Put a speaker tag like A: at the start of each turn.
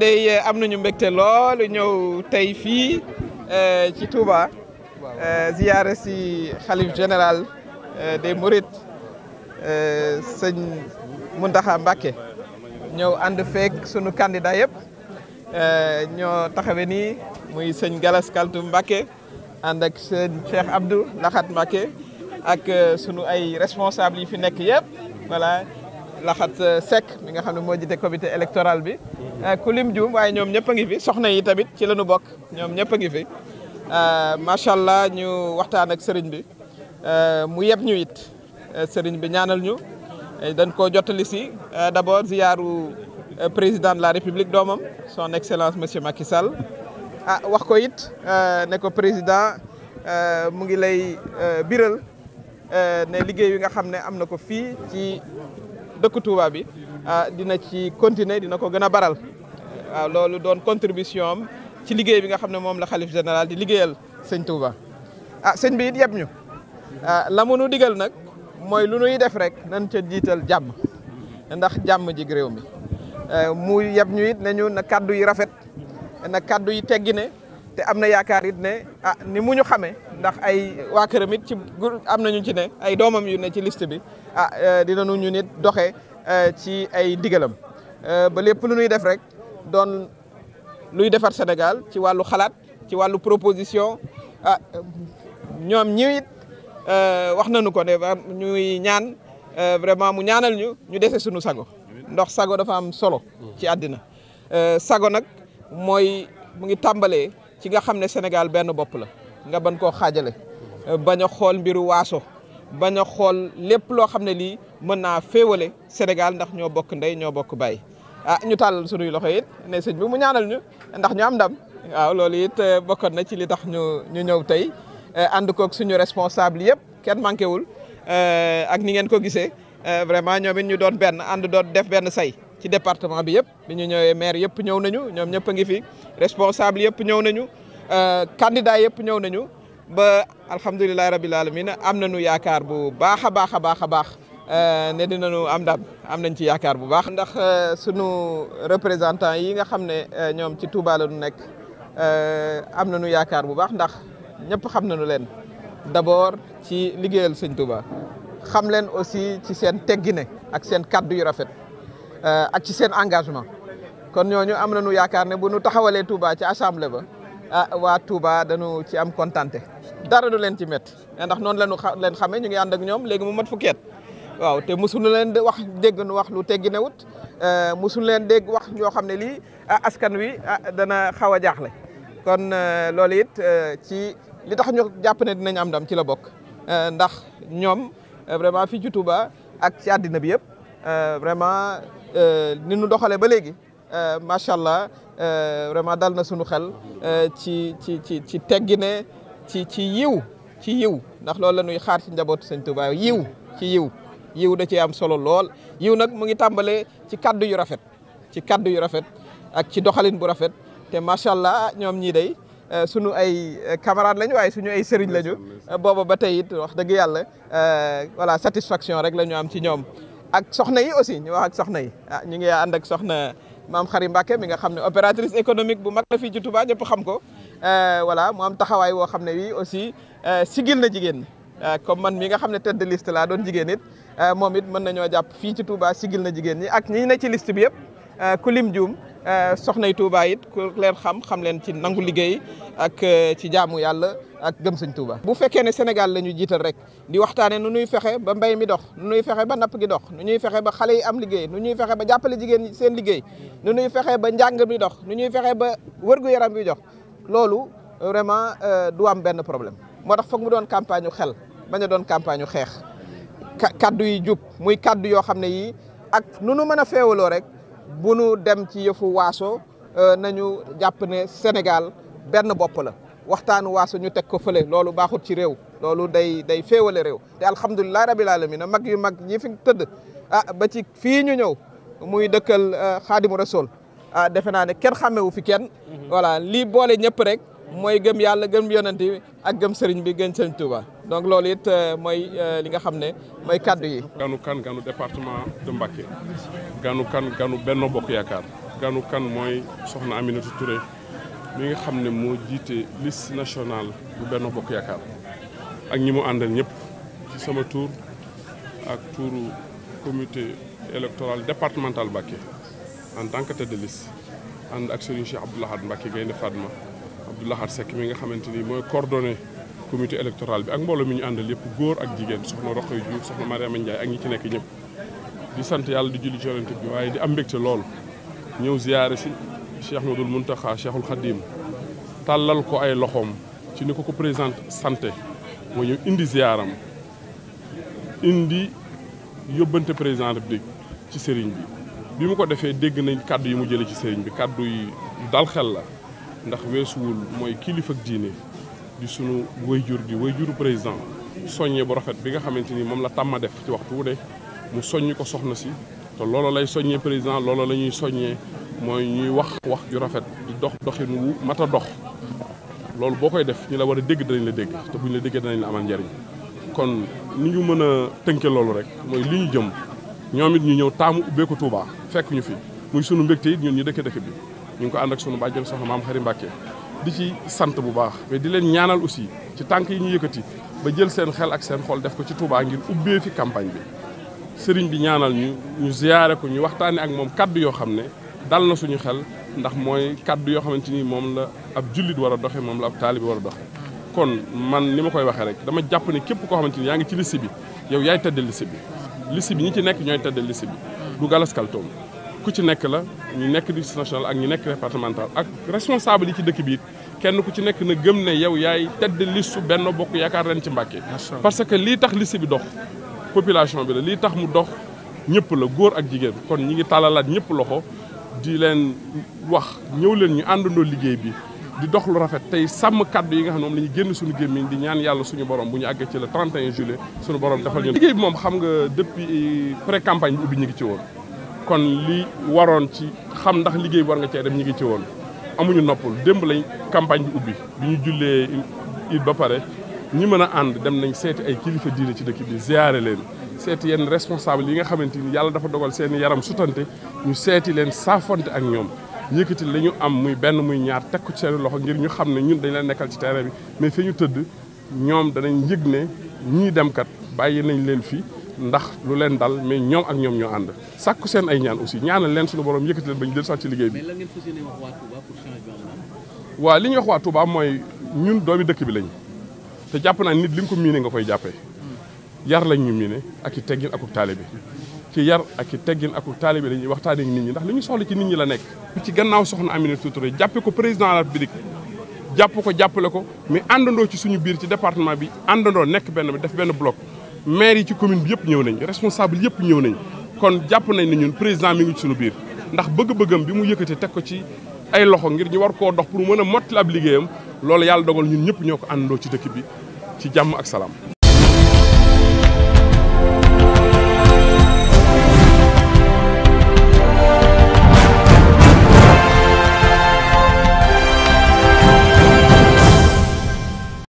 A: day euh, am nañu mbégte lool ñëw tey fii euh, ci Touba euh, ziyaare si xalif général des Mourides sëñ Mountakha mbake ñëw ànd feek sunu kandida yëpp ñoo taxawe ni muy sëñ Galas Kaltum Mbacké ànd ak sëñ Cheikh Abdou Laxat Mbacké ak sunu ay responsable yi fi nekk yëpp voilà Laxat Seck mi nga xam ne moo jiite comité électoral bi Euh, ku lim juum waaye ñoom ñëpp a ngi fi soxna yi tamit ci la bokk ñoom ñëpp a ngi fi euh, macha allah ñu waxtaan ak sëriñ bi euh, mu yeb ñu it sëriñ bi ñaanal ñu dañ koo jottali si d'abord ziyaaru président de la république doomam son excellence monsieur Macky Sall ah wax ko it ne ko président mu ngi lay biral ne liggéey yi nga xam ne am na ko fii ci dëkku Touba bi Ah, dina ci continuer dina ko gën a baral waaw ah, loolu doon contribution ci liggéey bi nga xam ne moom la xalif général di liggéeyal sëñ Touba. a ah, sëñ bi it yëpp ñu la mu nu digal nag mooy lu nuy def rek nañ ca jiital jàmm ndax jàmm ji réew mi eh, mu yëpp ñu it nañu na kaddu yi rafet na kaddu yi ne te am na yaakaar it ne a ni mu ñu xamee ndax ay waa këram it ci am nañu ci ne ay doomam yu ne ci liste bi ah eh, dinañu ñu nit doxee Eh, ci ay ndigalam eh, ba lépp lu ñuy def rek doon luy defar Sénégal ci wàllu xalaat ci wàllu proposition a ah, ñoom ñi it eh, wax nañu ko ne ñuy ñaan vraiment mu ñaanal ñu ñu dese suñu sago ndox sago dafa am solo ci àddina sago nag mooy mu ngi tàmbalee ci nga xam ne Sénégal benn bopp la nga ban koo xaajale bañ xool mbiru waaso bañ xool lépp loo xam ne lii mën naa féewale Sénégal ndax ñoo bokk ndey ñoo bokk baay ah ñu tàllal sunuy loxo it ne sëñ bi mu ñaanal ñu ndax ñu am ndam waaw loolu it eh, bokkoon na ci li tax ñu ñu ñëw tey eh, ànd kook suñu responsable yëpp kenn manqué wul eh, ak ni ngeen ko gisee vraiment ñoom it ñu doon benn ànd doon def benn say ci département bi yëpp bi ñu ñëwee maire yëpp ñëw nañu ñoom ñëpp a ngi fi responsable yëpp ñëw nañu e kandida yëpp ñëw nañu ba alhamdulilah rabil alamin am na nañu yaakaar bu baax a baax a baax a baax euh, ne dinañu am ndam am nañ ci yaakaar bu baax. ndax euh, sunu représentant yi nga xam ne euh, ñoom ci Touba la ñu nekk am na nañu yaakaar bu baax ndax ñëpp xam nañu leen d'abord ci liggéeyal sëñ Touba xam leen aussi ci seen teggine ak seen kaddu yu rafet ak ci seen engagement kon ñooñu am na nu yaakaar ne bu nu taxawalee tubaa ci assemblée ba. ah waa Touba dañu ci am kontante dara du leen ci métti eh, ndax noonu lañu leen xamee ñu ngi ànd ak ñoom léegi mu mat fukki at waaw te mosuñu leen di wax dégg nu wax lu teggi ne wut eh, mosuñu leen dégg wax ñoo xam ne lii ah, askan wi ah, dana xaw a jaaxle kon eh, loolu it ci li tax ñu jàpp ne dinañ am ndam ci la bokk ndax ñoom vraiment fii ci Touba ak ci àddina bi yëpp vraiment ni nu doxalee ba léegi macha allah. Euh, vraiment dal na suñu xel euh, ci ci ci ci teggine ci ci yiw ci yiw ndax loolu la ñuy xaar ci njabootu sëñ Tuubaa yiw ci yiw yiw da ci am solo lool yiw nag mu ngi tàmbalee ci kaddu yu rafet ci kaddu yu rafet ak ci doxalin bu rafet te macha allah ñoom ñii day euh, suñu ay camarades lañu waaye suñu ay sëriñ lañu booba ba tey it wax dëgg yàlla voilà satisfaction rek la ñu am ci ñoom ak soxna yi aussi ñu wax ak soxna yi ah ñu ngi ànd soxna maam Xari Mbacke mi nga xam ne opératrice économique bu mag la fii ci Touba ñëpp xam ko euh, voilà mu am taxawaay woo xam ne bii aussi euh, sigil na jigéen ñi euh, comme man mi nga xam ne tête de liste laa doon jigéen it moom it mën nañoo jàpp fii ci Touba sigil na jigéen ñi ak ñi ne ci liste bi yëpp ku lim juum Euh, soxnay Touba it ku leen xam xam leen ci nangu liggéey ak euh, ci jaamu yàlla ak gëm sëñ Touba. bu fekkee ne Sénégal la ñu jiital rek di waxtaanee nu nuy fexe ba mbay mi dox nu ñuy fexe ba napp gi dox nu ñuy fexe ba xale yi am liggéey nu ñuy fexe ba jàppale jigéen seen liggéey nu ñuy fexe ba njàng mi dox nu ñuy fexe ba wërgu yaram bi dox loolu vraiment euh, du am benn problème moo tax foog mu doon campagne ñu xel bañ a doon campagne ñu xeex. kaddu yi jub muy kaddu yoo xam ne yii ak nu nu mën a feewaloo rek. bu nu dem ci yëfu waaso euh, nañu jàpp ne Sénégal benn bopp la waxtaanu waaso ñu teg ko fële loolu baaxut ci réew loolu day day féewale réew te alhamdulilah rabil alamin mag yu mag ñi fi tëdd ah ba ci fii ñu ñëw muy dëkkal euh, xaadimu rasul ah defe naa ne kenn xàmmewu fi kenn mhm. voilà lii boole ñëpp rek mooy gëm yàlla gëm yonent bi ak gëm sëriñ bi gën sëriñ Touba donc loolu it euh,
B: mooy euh, li nga xam ne mooy kaddu yi. ganu kan ganu département de Mbacké ganu kan ganu Benno Bokk Yaakaar ganu kan mooy soxna Aminata Touré mi nga xam ne moo jiite liste nationale bu Benno Bokk Yaakaar ak ñi mu àndal ñëpp ci sama tour ak tuuru comité électoral départemental Mbacké en tant que de liste ànd ak sëriñ Cheikh Abdoul Ahad Mbacké Gaynde Fatma. Abdou Lahad Seck mi nga xamante ni mooy coordonné comité électoral bi ak mbooloo mi ñu àndal yëpp góor ak jigéen soxna Roqoy Diouf soxna Mariama Ndiaye ak ñi ci nekk ñëpp di sant yàlla di julli ci bi waaye di am mbégte lool ñëw ziyaare si Cheikh Ahmadoul Mountakha Cheikhul Khadim tàllal ko ay loxoom ci ni ko ko président sante moo ñëw indi ziyaaram indi yóbbante président république ci sëriñ bi bi mu ko defee dégg nañ kàddu yi mu jëlee ci sëriñ bi kàddu yi dal xel la ndax weesuwul mooy kilifa ak diine di sunu wayjur di juru président soññe bu rafet bi nga xamante ni moom la tàmma def ci wax wu ne mu soññ ko soxna si te loolo lay soññee président loolo la ñuy soññee mooy ñuy wax wax ju rafet di dox doxin wu mat a dox loolu boo koy def ñu la war a dégg danañ la dégg te bu ñu la déggee danañ la amal njariñ kon ni ñu mën a tënke loolu rek mooy li ñu jëm ñoom it ñu ñëw taamu ubbee ko fekk ñu fi muy sunu mbégte it ñun ñu dëkk dëkk bi ñu ngi ko ànd ak sunu bàjjen soxna maam xari Mbàkke di ci sant bu baax mais di leen ñaanal aussi ci tànk yi ñu yëkkati ba jël seen xel ak seen xol def ko ci Touba ngir ubbee fi campagne bi sëriñ bi ñaanal ñu ñu ziyaare ko ñu waxtaane ak moom kaddu yoo xam ne dal na suñu xel ndax mooy kaddu yoo xamante ni moom la ab jullit war a doxe moom la ab taalibi war a doxe kon man ni ma koy waxee rek dama jàpp ne képp koo xamante ni yaa ngi ci liste bi yow yaay tëddee liste bi liste bi ñi ci nekk ñooy tëddee liste bi du galaskaltoom ku ci nekk la ñu nekk district national ak ñu nekk départemental ak responsable yi ci dëkk bi kenn ku ci nekk na gëm ne yow yaay tedd listu benn bokk yaakaar ren ci Mbàkke parce que lii tax liste bi dox population bi la lii tax mu dox ñëpp la góor ak jigéen kon ñi ngi tàllalaat ñëpp loxo di leen wax ñëw leen ñu àndandoo liggéey bi di dox lu rafet tey sàmm kaddu yi nga xam ne moom la ñu génn suñu gémmiñ di ñaan yàlla suñu borom bu ñu àggee ci le 31 juillet suñu borom defal ñu liggéey bi moom xam nga depuis pré campagne bi ubbi ñu ngi ci woon kon li waroon ci xam ndax liggéey bi war nga cee dem ñu ngi ci woon amuñu noppul démb lañ campagne bi ubbi bi ñu jullee it ba pare ñi mën a ànd dem nañ seeti ay kilifa diine ci dëkk bi ziare leen seeti yenn responsable yi nga xamante ni yàlla dafa dogal seen yaram sutante ñu seeti leen saafonte ak ñoom yëkkati la ñu am muy benn muy ñaar tekku ko ci seen loxo ngir ñu xam ne ñun dañ leen nekkal ci terrain bi mais fi ñu tëdd ñoom danañ yëg ne ñii dem kat bàyyi nañ leen fii ndax lu leen dal mais ñoom ak ñoom ñoo ànd sàkku seen ay ñaan aussi ñaanal leen suñu borom yëkkati leen ba ñu del ci liggéey bi waaw li ñuy wax waa Touba mooy ñun doomi dëkk bi lañ te jàpp naa nit li nga ko miine nga koy jàppee yar lañ ñu miine ak i teggin akub taale bi ci yar ak i teggin akub taale bi la ñuy waxtaanee ak nit ñi ndax li ñu soxla ci nit ñi la nekk ci gannaaw soxna Aminata Touré jàppe ko président de la jàpp ko jàppale ko mais àndandoo ci suñu biir ci département bi àndandoo nekk benn def benn bloc maire yi ci commune bi yëpp ñëw nañ responsable yëpp ñëw nañ kon jàpp nañ ne ñun président mi ngi ci suñu biir ndax bëgg-bëggam bi mu yëkkati teg ko ci ay loxo ngir ñu war koo dox pour mën a mottali ab liggéeyam loolu yàlla dogal ñun ñëpp ñoo ko àndandoo ci dëkk bi ci jàmm ak salaam